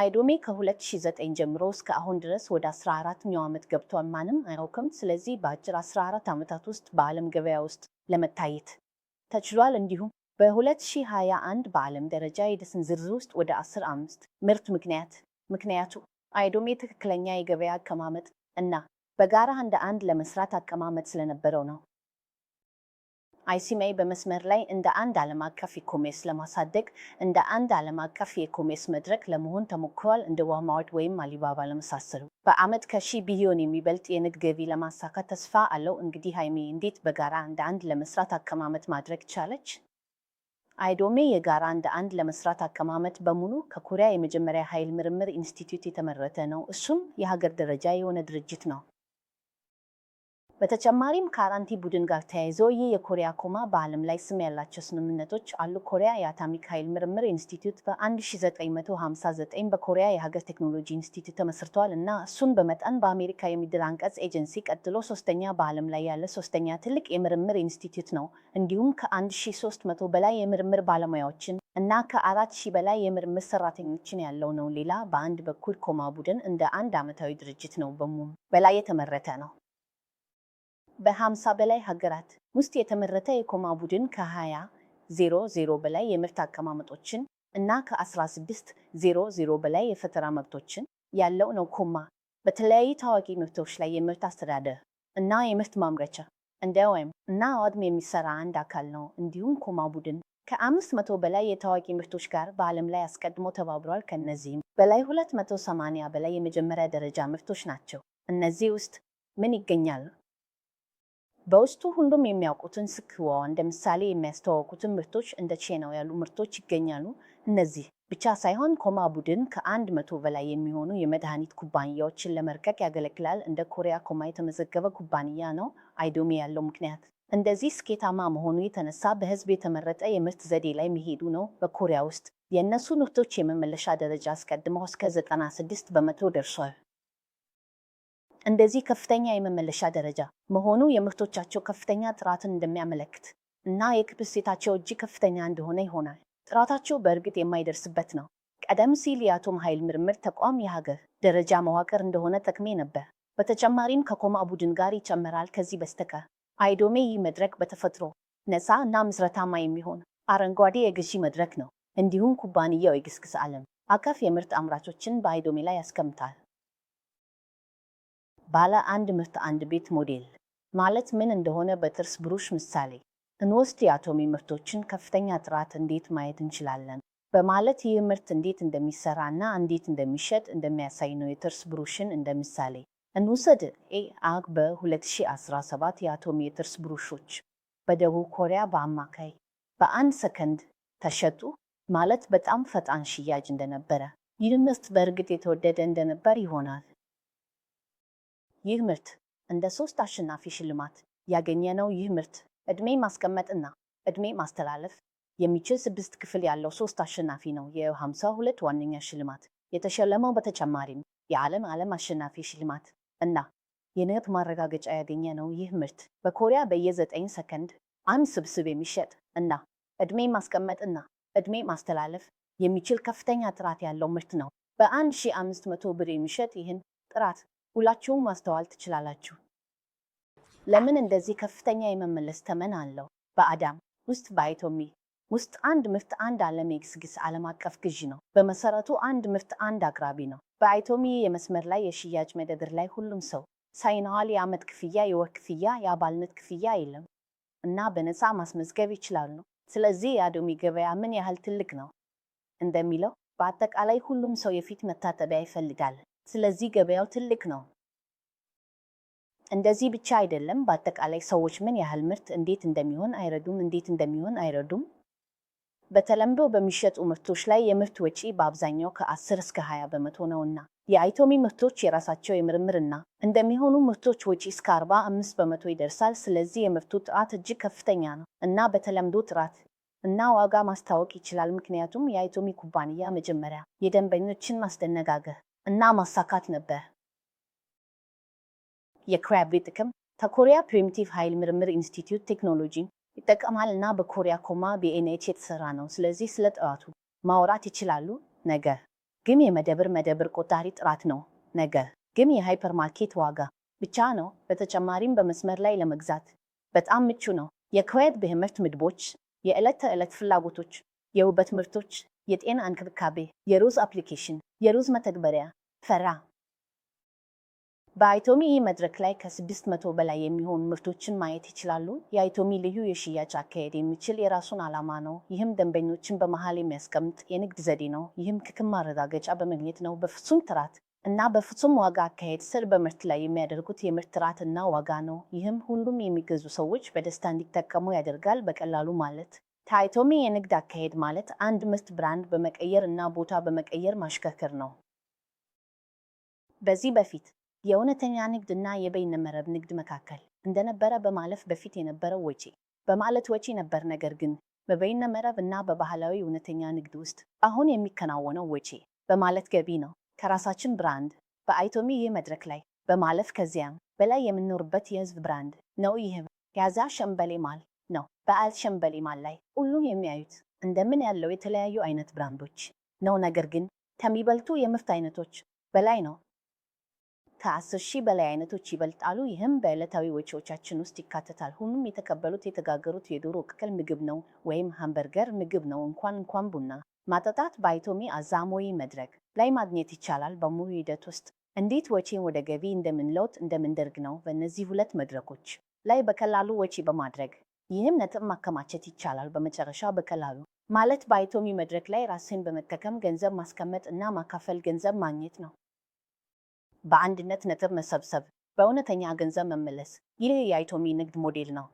አይዶሜ ከ2009 ጀምሮ እስከ አሁን ድረስ ወደ 14ኛው ዓመት ገብቷል። ማንም አያውቅም። ስለዚህ በአጭር 14 ዓመታት ውስጥ በዓለም ገበያ ውስጥ ለመታየት ተችሏል። እንዲሁም በ2021 በዓለም ደረጃ የደስን ዝርዝር ውስጥ ወደ 15 ምርት ምክንያት ምክንያቱ አይዶሜ ትክክለኛ የገበያ አቀማመጥ እና በጋራ እንደ አንድ ለመስራት አቀማመጥ ስለነበረው ነው። አይሲሜ በመስመር ላይ እንደ አንድ ዓለም አቀፍ ኢኮሜርስ ለማሳደግ እንደ አንድ ዓለም አቀፍ የኢኮሜርስ መድረክ ለመሆን ተሞክሯል። እንደ ዋልማርት ወይም አሊባባ ለመሳሰሉ በአመት ከሺህ ቢሊዮን የሚበልጥ የንግድ ገቢ ለማሳካት ተስፋ አለው። እንግዲህ ሀይሜ እንዴት በጋራ እንደ አንድ ለመስራት አቀማመጥ ማድረግ ቻለች? አይዶሜ የጋራ እንደ አንድ ለመስራት አቀማመጥ በሙሉ ከኮሪያ የመጀመሪያ ኃይል ምርምር ኢንስቲትዩት የተመረተ ነው። እሱም የሀገር ደረጃ የሆነ ድርጅት ነው። በተጨማሪም ከአራንቲ ቡድን ጋር ተያይዞ ይህ የኮሪያ ኮማ በዓለም ላይ ስም ያላቸው ስምምነቶች አሉ። ኮሪያ የአቶሚክ ኃይል ምርምር ኢንስቲትዩት በ1959 በኮሪያ የሀገር ቴክኖሎጂ ኢንስቲትዩት ተመስርተዋል እና እሱን በመጠን በአሜሪካ የሚድር አንቀጽ ኤጀንሲ ቀጥሎ ሶስተኛ በዓለም ላይ ያለ ሶስተኛ ትልቅ የምርምር ኢንስቲትዩት ነው። እንዲሁም ከ1300 በላይ የምርምር ባለሙያዎችን እና ከአራት ሺህ በላይ የምርምር ሰራተኞችን ያለው ነው። ሌላ በአንድ በኩል ኮማ ቡድን እንደ አንድ ዓመታዊ ድርጅት ነው። በሙም በላይ የተመረተ ነው። በ50 በላይ ሀገራት ውስጥ የተመረተ የኮማ ቡድን ከ 00 በላይ የመብት አቀማመጦችን እና ከ1600 በላይ የፈጠራ መብቶችን ያለው ነው። ኮማ በተለያዩ ታዋቂ ምርቶች ላይ የምርት አስተዳደር እና የምርት ማምረቻ እንደ ወይም እና አዋድም የሚሰራ አንድ አካል ነው። እንዲሁም ኮማ ቡድን ከአምስት መቶ በላይ የታዋቂ ምርቶች ጋር በዓለም ላይ አስቀድሞ ተባብሯል። ከእነዚህም በላይ 280 በላይ የመጀመሪያ ደረጃ ምርቶች ናቸው። እነዚህ ውስጥ ምን ይገኛል? በውስጡ ሁሉም የሚያውቁትን ስክዋ እንደ ምሳሌ የሚያስተዋውቁትን ምርቶች እንደ ቼናው ያሉ ምርቶች ይገኛሉ። እነዚህ ብቻ ሳይሆን ኮማ ቡድን ከአንድ መቶ በላይ የሚሆኑ የመድኃኒት ኩባንያዎችን ለመርቀቅ ያገለግላል። እንደ ኮሪያ ኮማ የተመዘገበ ኩባንያ ነው። አይዶሚ ያለው ምክንያት እንደዚህ ስኬታማ መሆኑ የተነሳ በህዝብ የተመረጠ የምርት ዘዴ ላይ መሄዱ ነው። በኮሪያ ውስጥ የእነሱ ምርቶች የመመለሻ ደረጃ አስቀድመው እስከ 96 በመቶ ደርሷል። እንደዚህ ከፍተኛ የመመለሻ ደረጃ መሆኑ የምርቶቻቸው ከፍተኛ ጥራትን እንደሚያመለክት እና የክብስ ሴታቸው እጅግ ከፍተኛ እንደሆነ ይሆናል። ጥራታቸው በእርግጥ የማይደርስበት ነው። ቀደም ሲል የአቶም ኃይል ምርምር ተቋም የሀገር ደረጃ መዋቅር እንደሆነ ጠቅሜ ነበር። በተጨማሪም ከኮማ ቡድን ጋር ይጨመራል። ከዚህ በስተቀር አይዶሜ ይህ መድረክ በተፈጥሮ ነፃ እና ምስረታማ የሚሆን አረንጓዴ የግዢ መድረክ ነው። እንዲሁም ኩባንያው የግስግስ ዓለም አቀፍ የምርት አምራቾችን በአይዶሜ ላይ ያስቀምጣል። ባለ አንድ ምርት አንድ ቤት ሞዴል ማለት ምን እንደሆነ በጥርስ ብሩሽ ምሳሌ እንወስድ። የአቶሚ ምርቶችን ከፍተኛ ጥራት እንዴት ማየት እንችላለን በማለት ይህ ምርት እንዴት እንደሚሰራ እና እንዴት እንደሚሸጥ እንደሚያሳይ ነው። የጥርስ ብሩሽን እንደ ምሳሌ እንውሰድ። ኤ አግ በ2017 የአቶሚ የጥርስ ብሩሾች በደቡብ ኮሪያ በአማካይ በአንድ ሰከንድ ተሸጡ ማለት በጣም ፈጣን ሽያጭ እንደነበረ ይህ ምርት በእርግጥ የተወደደ እንደነበር ይሆናል። ይህ ምርት እንደ ሶስት አሸናፊ ሽልማት ያገኘነው ይህ ምርት እድሜ ማስቀመጥ እና ማስተላለፍ የሚችል ስድስት ክፍል ያለው ሶስት አሸናፊ ነው። የ52 ዋነኛ ሽልማት የተሸለመው በተጨማሪም የዓለም ዓለም አሸናፊ ሽልማት እና የንብ ማረጋገጫ ያገኘ ነው። ይህ ምርት በኮሪያ በየ9 ሰከንድ አንድ ስብስብ የሚሸጥ እና እድሜ ማስቀመጥ እና ማስተላለፍ የሚችል ከፍተኛ ጥራት ያለው ምርት ነው። በ1500 ብር የሚሸጥ ይህን ጥራት ሁላችሁም ማስተዋል ትችላላችሁ። ለምን እንደዚህ ከፍተኛ የመመለስ ተመን አለው? በአዳም ውስጥ በአይቶሚ ውስጥ አንድ ምርት አንድ ዓለም የግስግስ ዓለም አቀፍ ግዢ ነው። በመሰረቱ አንድ ምርት አንድ አቅራቢ ነው። በአይቶሚ የመስመር ላይ የሽያጭ መደብር ላይ ሁሉም ሰው ሳይነዋል። የዓመት ክፍያ፣ የወር ክፍያ፣ የአባልነት ክፍያ የለም እና በነፃ ማስመዝገብ ይችላሉ። ስለዚህ የአዶሚ ገበያ ምን ያህል ትልቅ ነው እንደሚለው በአጠቃላይ ሁሉም ሰው የፊት መታጠቢያ ይፈልጋል። ስለዚህ ገበያው ትልቅ ነው። እንደዚህ ብቻ አይደለም። በአጠቃላይ ሰዎች ምን ያህል ምርት እንዴት እንደሚሆን አይረዱም እንዴት እንደሚሆን አይረዱም። በተለምዶ በሚሸጡ ምርቶች ላይ የምርት ወጪ በአብዛኛው ከ10 እስከ 20 በመቶ እና የአይቶሚ ምርቶች የራሳቸው የምርምርና እንደሚሆኑ ምርቶች ወጪ እስከ 45 በመቶ ይደርሳል። ስለዚህ የምርቱ ጥራት እጅግ ከፍተኛ ነው እና በተለምዶ ጥራት እና ዋጋ ማስታወቅ ይችላል። ምክንያቱም የአይቶሚ ኩባንያ መጀመሪያ የደንበኞችን ማስደነጋገር እና ማሳካት ነበር። የክራብ ጥቅም ከኮሪያ ፕሪሚቲቭ ኃይል ምርምር ኢንስቲትዩት ቴክኖሎጂ ይጠቀማል እና በኮሪያ ኮማ ቢኤንኤች የተሰራ ነው። ስለዚህ ስለ ጥራቱ ማውራት ይችላሉ። ነገር ግን የመደብር መደብር ቆጣሪ ጥራት ነው። ነገር ግን የሃይፐርማርኬት ዋጋ ብቻ ነው። በተጨማሪም በመስመር ላይ ለመግዛት በጣም ምቹ ነው። የክዌት ብህምርት ምድቦች የዕለት ተዕለት ፍላጎቶች፣ የውበት ምርቶች፣ የጤና እንክብካቤ፣ የሩዝ አፕሊኬሽን፣ የሩዝ መተግበሪያ ፈራ በአይቶሚ መድረክ ላይ ከስድስት መቶ በላይ የሚሆኑ ምርቶችን ማየት ይችላሉ። የአይቶሚ ልዩ የሽያጭ አካሄድ የሚችል የራሱን ዓላማ ነው። ይህም ደንበኞችን በመሀል የሚያስቀምጥ የንግድ ዘዴ ነው። ይህም ክክም ማረጋገጫ በመግኘት ነው። በፍጹም ጥራት እና በፍጹም ዋጋ አካሄድ ስር በምርት ላይ የሚያደርጉት የምርት ጥራት እና ዋጋ ነው። ይህም ሁሉም የሚገዙ ሰዎች በደስታ እንዲጠቀሙ ያደርጋል። በቀላሉ ማለት ታይቶሚ የንግድ አካሄድ ማለት አንድ ምርት ብራንድ በመቀየር እና ቦታ በመቀየር ማሽከርከር ነው። በዚህ በፊት የእውነተኛ ንግድ እና የበይነመረብ ንግድ መካከል እንደነበረ በማለፍ በፊት የነበረው ወጪ በማለት ወጪ ነበር። ነገር ግን በበይነመረብ እና በባህላዊ እውነተኛ ንግድ ውስጥ አሁን የሚከናወነው ወጪ በማለት ገቢ ነው። ከራሳችን ብራንድ በአይቶሚ ይህ መድረክ ላይ በማለፍ ከዚያም በላይ የምንኖርበት የህዝብ ብራንድ ነው። ይህም የዛ ሸምበሌ ማል ነው። በአል ሸምበሌ ማል ላይ ሁሉም የሚያዩት እንደምን ያለው የተለያዩ አይነት ብራንዶች ነው። ነገር ግን ከሚበልጡ የምርት አይነቶች በላይ ነው። ከ10 ሺህ በላይ አይነቶች ይበልጣሉ። ይህም በዕለታዊ ወጪዎቻችን ውስጥ ይካተታል። ሁሉም የተቀበሉት የተጋገሩት የዶሮ ቅቅል ምግብ ነው ወይም ሃምበርገር ምግብ ነው። እንኳን እንኳን ቡና ማጠጣት ባይቶሚ አዛሞይ መድረክ ላይ ማግኘት ይቻላል። በሙሉ ሂደት ውስጥ እንዴት ወጪን ወደ ገቢ እንደምንለውጥ እንደምንደርግ ነው። በእነዚህ ሁለት መድረኮች ላይ በቀላሉ ወጪ በማድረግ ይህም ነጥብ ማከማቸት ይቻላል። በመጨረሻ በቀላሉ ማለት ባይቶሚ መድረክ ላይ ራስን በመጠቀም ገንዘብ ማስቀመጥ እና ማካፈል ገንዘብ ማግኘት ነው። በአንድነት ነጥብ መሰብሰብ፣ በእውነተኛ ገንዘብ መመለስ። ይህ የአይቶሚ ንግድ ሞዴል ነው።